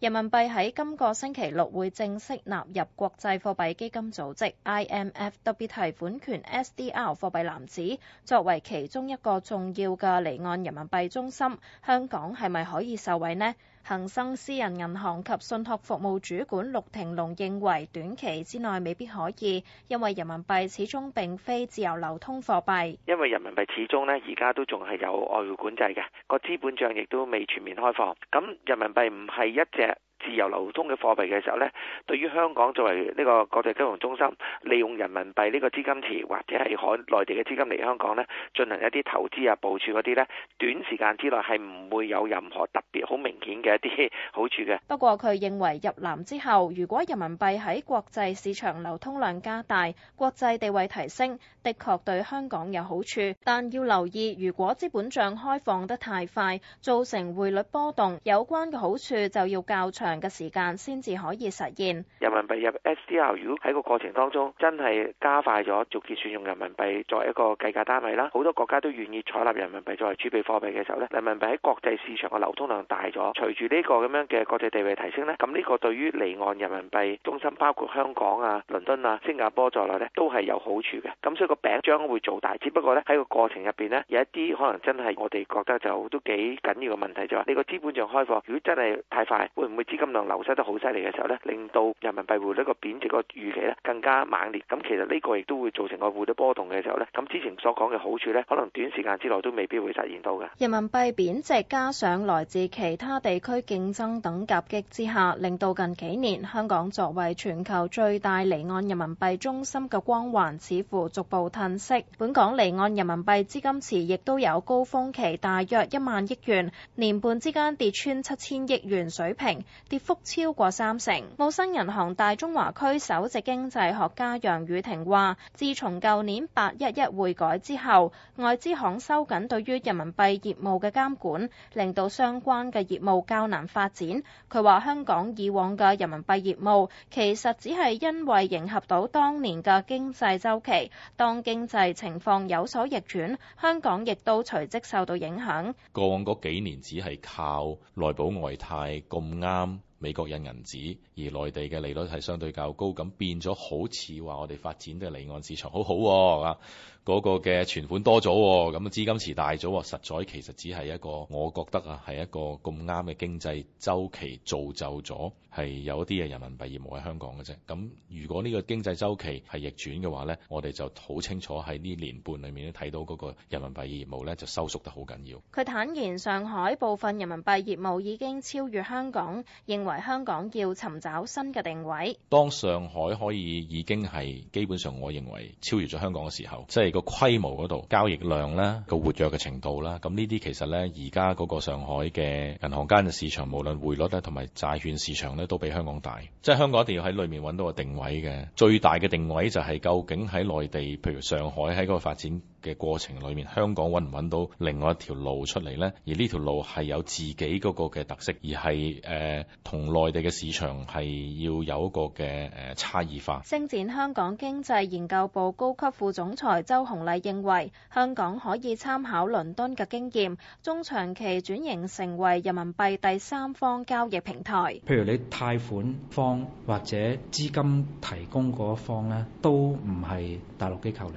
人民幣喺今個星期六會正式納入國際貨幣基金組織 （IMF） 特別提款權 （SDR） 貨幣籃子，作為其中一個重要嘅離岸人民幣中心，香港係咪可以受惠呢？恒生私人銀行及信託服務主管陸庭龍認為，短期之內未必可以，因為人民幣始終並非自由流通貨幣。因為人民幣始終呢，而家都仲係有外匯管制嘅，個資本帳亦都未全面開放。咁人民幣唔係一隻自由流通嘅貨幣嘅時候咧，對於香港作為呢個國際金融中心，利用人民幣呢個資金池或者係海內地嘅資金嚟香港咧，進行一啲投資啊、部署嗰啲咧，短時間之內係唔會有任何特別好明顯嘅一啲好處嘅。不過，佢認為入籃之後，如果人民幣喺國際市場流通量加大、國際地位提升，的確對香港有好處，但要留意，如果資本帳開放得太快，造成匯率波動，有關嘅好處就要較長。嘅時間先至可以實現。人民幣入 SDR 如果喺個過程當中真係加快咗，做結算用人民幣作為一個計價單位啦，好多國家都願意採納人民幣作為儲備貨幣嘅時候咧，人民幣喺國際市場嘅流通量大咗，隨住呢個咁樣嘅國際地位提升咧，咁呢個對於離岸人民幣中心，包括香港啊、倫敦啊、新加坡在內咧，都係有好處嘅。咁所以個餅將會做大，只不過咧喺個過程入邊咧，有一啲可能真係我哋覺得就都幾緊要嘅問題，就話你個資本賬開放，如果真係太快，會唔會只金量流失得好犀利嘅時候呢，令到人民幣匯率個貶值個預期呢更加猛烈。咁其實呢個亦都會造成外匯嘅波動嘅時候呢，咁之前所講嘅好處呢，可能短時間之內都未必會實現到嘅。人民幣貶值加上來自其他地區競爭等夾擊之下，令到近幾年香港作為全球最大離岸人民幣中心嘅光環似乎逐步褪色。本港離岸人民幣資金池亦都有高峰期，大約一萬億元，年半之間跌穿七千億元水平。跌幅超過三成。澳新銀行大中華區首席經濟學家楊宇霆話：自從舊年八一一匯改之後，外資行收緊對於人民幣業務嘅監管，令到相關嘅業務較難發展。佢話：香港以往嘅人民幣業務其實只係因為迎合到當年嘅經濟周期，當經濟情況有所逆轉，香港亦都隨即受到影響。過往嗰幾年只係靠內保外貸咁啱。美國印銀紙，而內地嘅利率係相對較高，咁變咗好似話我哋發展嘅離岸市場好好啊，嗰、嗰個嘅存款多咗、啊，咁啊資金池大咗，實在其實只係一個我覺得啊係一個咁啱嘅經濟周期造就咗係有啲嘅人民幣業務喺香港嘅啫。咁如果呢個經濟周期係逆轉嘅話呢，我哋就好清楚喺呢年半裏面都睇到嗰個人民幣業務咧就收縮得好緊要。佢坦言上海部分人民幣業務已經超越香港，認為為香港要尋找新嘅定位。當上海可以已經係基本上，我認為超越咗香港嘅時候，即係個規模嗰度、交易量啦、個活躍嘅程度啦，咁呢啲其實咧，而家嗰個上海嘅銀行間嘅市場，無論匯率咧同埋債券市場咧，都比香港大。即係香港一定要喺裏面揾到個定位嘅最大嘅定位，就係究竟喺內地，譬如上海喺嗰個發展。嘅過程裏面，香港揾唔揾到另外一條路出嚟呢？而呢條路係有自己嗰個嘅特色，而係誒、呃、同內地嘅市場係要有一個嘅差異化。星展香港經濟研究部高級副總裁周紅麗認為，香港可以參考倫敦嘅經驗，中長期轉型成為人民幣第三方交易平台。譬如你貸款方或者資金提供嗰一方呢，都唔係大陸機構嚟。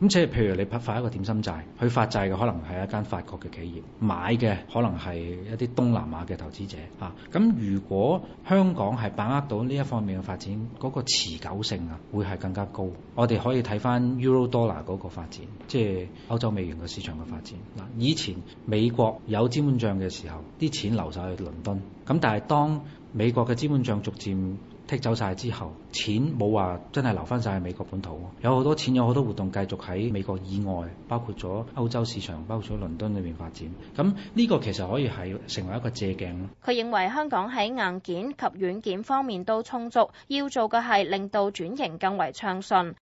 咁即係譬如你發發一個點心債，去發債嘅可能係一間法國嘅企業，買嘅可能係一啲東南亞嘅投資者吓咁、啊、如果香港係把握到呢一方面嘅發展，嗰、嗰個持久性啊，會係更加高。我哋可以睇返 Eurodollar 嗰個發展，即係歐洲美元嘅市場嘅發展。嗱，以前美國有資本帳嘅時候，啲錢流晒去倫敦。咁但係當美國嘅資本帳逐漸剔走晒之後，錢冇話真係留翻晒去美國本土，有好多錢，有好多活動繼續喺美國以外，包括咗歐洲市場，包括咗倫敦裏面發展。咁呢個其實可以係成為一個借鏡。佢認為香港喺硬件及軟件方面都充足，要做嘅係令到轉型更為暢順。